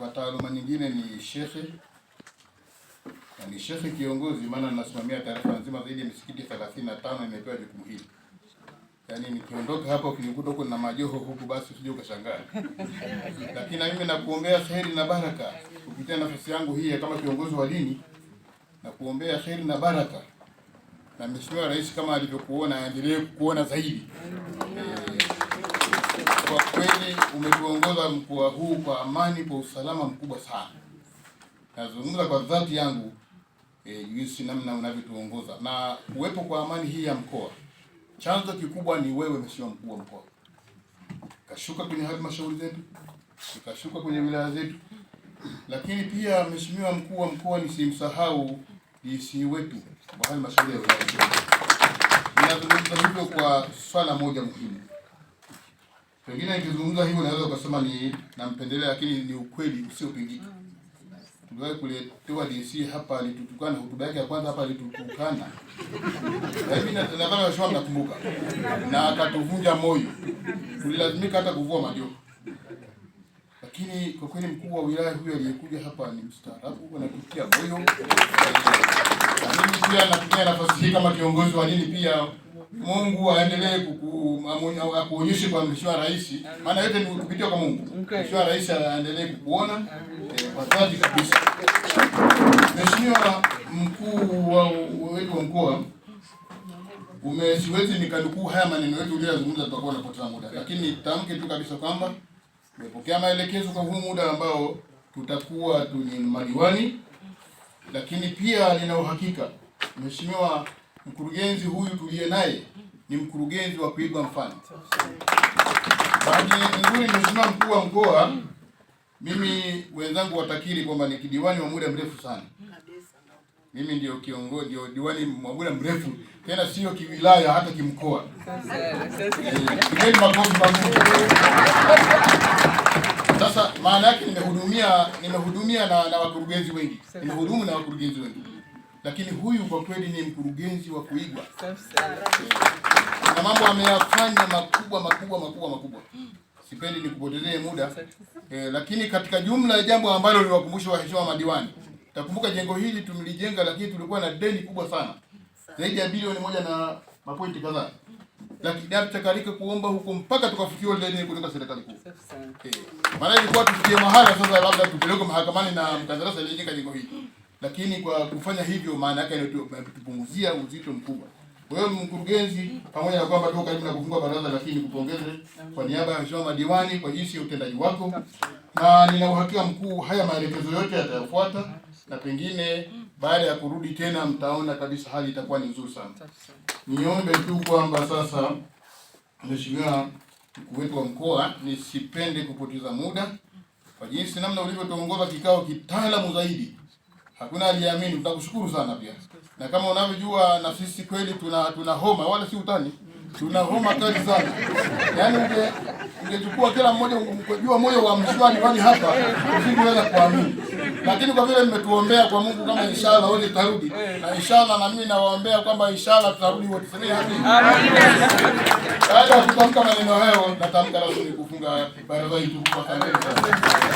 Kwa taaluma nyingine ni shekhe na ni shekhe kiongozi, maana nasimamia taarifa nzima zaidi ya misikiti 35 imepewa jukumu hili. Yaani nikiondoka hapa ukinikuta huko na majoho huku, basi usije ukashangaa. Lakini na mimi nakuombea kheri na baraka kupitia nafasi yangu hii kama kiongozi wa dini, na kuombea kheri na baraka, na Mheshimiwa Rais kama alivyokuona aendelee kuona zaidi. kwa kweli ume tunabeba mkoa huu kwa amani, kwa usalama mkubwa sana. Nazungumza kwa dhati yangu e, jinsi namna unavyotuongoza na kuwepo kwa amani hii ya mkoa, chanzo kikubwa ni wewe Mheshimiwa mkuu wa mkoa. Kashuka kwenye halmashauri zetu, kashuka kwenye wilaya zetu, lakini pia Mheshimiwa mkuu wa mkoa, nisimsahau DC wetu wa halmashauri ya wilaya. Ninazungumza hivyo kwa swala moja muhimu Pengine nikizungumza hivyo naweza ukasema ni nampendelea, lakini ni ukweli usiopingika. Tuliwahi kuletewa DC hapa, alitutukana. Hotuba yake ya kwanza hapa alitutukana, lakini nadhani washawa mnakumbuka, na akatuvunja moyo, tulilazimika hata kuvua majoho. Lakini kwa kweli mkuu wa wilaya huyu aliyekuja hapa ni mstaarabu, anatutia moyo, na mimi pia natumia nafasi hii kama kiongozi wa dini pia Mungu aendelee akuonyeshe kwa Mheshimiwa Rais, maana yote ni kupitia kwa Mungu. Mheshimiwa Rais aendelee kukuona eh, kwa dhati kabisa. Mheshimiwa mkuu wa wetu wa mkoa, umesiwezi nikanukuu haya maneno yetu uliyozungumza, tutakuwa tunapoteza muda, lakini tamke tu kabisa kwamba tumepokea maelekezo kwa huu muda ambao tutakuwa tuni madiwani, lakini pia nina uhakika Mheshimiwa mkurugenzi huyu tuliye naye ni mkurugenzi wa kuigwa mfano. Bahati nzuri, Mheshimiwa mkuu wa mkoa, mimi wenzangu watakiri kwamba ni kidiwani wa muda mrefu sana. Mimi ndio kiongozi, ndio diwani wa muda mrefu tena, sio kiwilaya, hata kimkoa. Sasa maana yake nimehudumia, nimehudumia na, na wakurugenzi wengi, nimehudumu na wakurugenzi wengi lakini huyu kwa kweli ni mkurugenzi wa kuigwa na mambo ameyafanya makubwa makubwa makubwa makubwa. Sipendi nikupotezee muda eh, lakini katika jumla ya jambo ambalo liwakumbusha waheshimiwa madiwani, takumbuka jengo hili tumelijenga, lakini tulikuwa na deni kubwa sana zaidi ya bilioni moja na mapointi kadhaa lakini lakidachakalika kuomba huko mpaka tukafikiwa deni kutoka serikali kuu eh, maana ilikuwa tufikie mahala sasa labda tupeleke mahakamani na mkandarasi aliyejenga jengo hili lakini kwa kufanya hivyo, maana yake anatupunguzia uzito mkubwa. Kwa hiyo mkurugenzi, pamoja na kwamba tuko karibu na kufungua baraza, lakini kupongeze kwa niaba ya mheshimiwa madiwani kwa jinsi ya utendaji wako, na nina uhakika mkuu, haya maelekezo yote yatayofuata, na pengine baada ya kurudi tena mtaona kabisa hali itakuwa ni nzuri sana. Niombe tu kwamba sasa, mheshimiwa mkuu wetu wa mkoa, nisipende kupoteza muda kwa jinsi namna ulivyotuongoza kikao kitaalamu zaidi hakuna aliyeamini. Tutakushukuru sana pia, na kama unavyojua, na sisi kweli tuna tuna homa, wala si utani, tuna homa kali sana. Yaani unge ungechukua kila mmoja ukajua moyo wa mshwani wani hapa, usingeweza kuamini, lakini kwa vile mmetuombea kwa Mungu kama inshallah wote tutarudi, na inshallah na mimi nawaombea kwamba inshallah tutarudi wote. Amen. Baada ya kutamka maneno hayo, natamka rasmi kufunga baraza hii tukufu.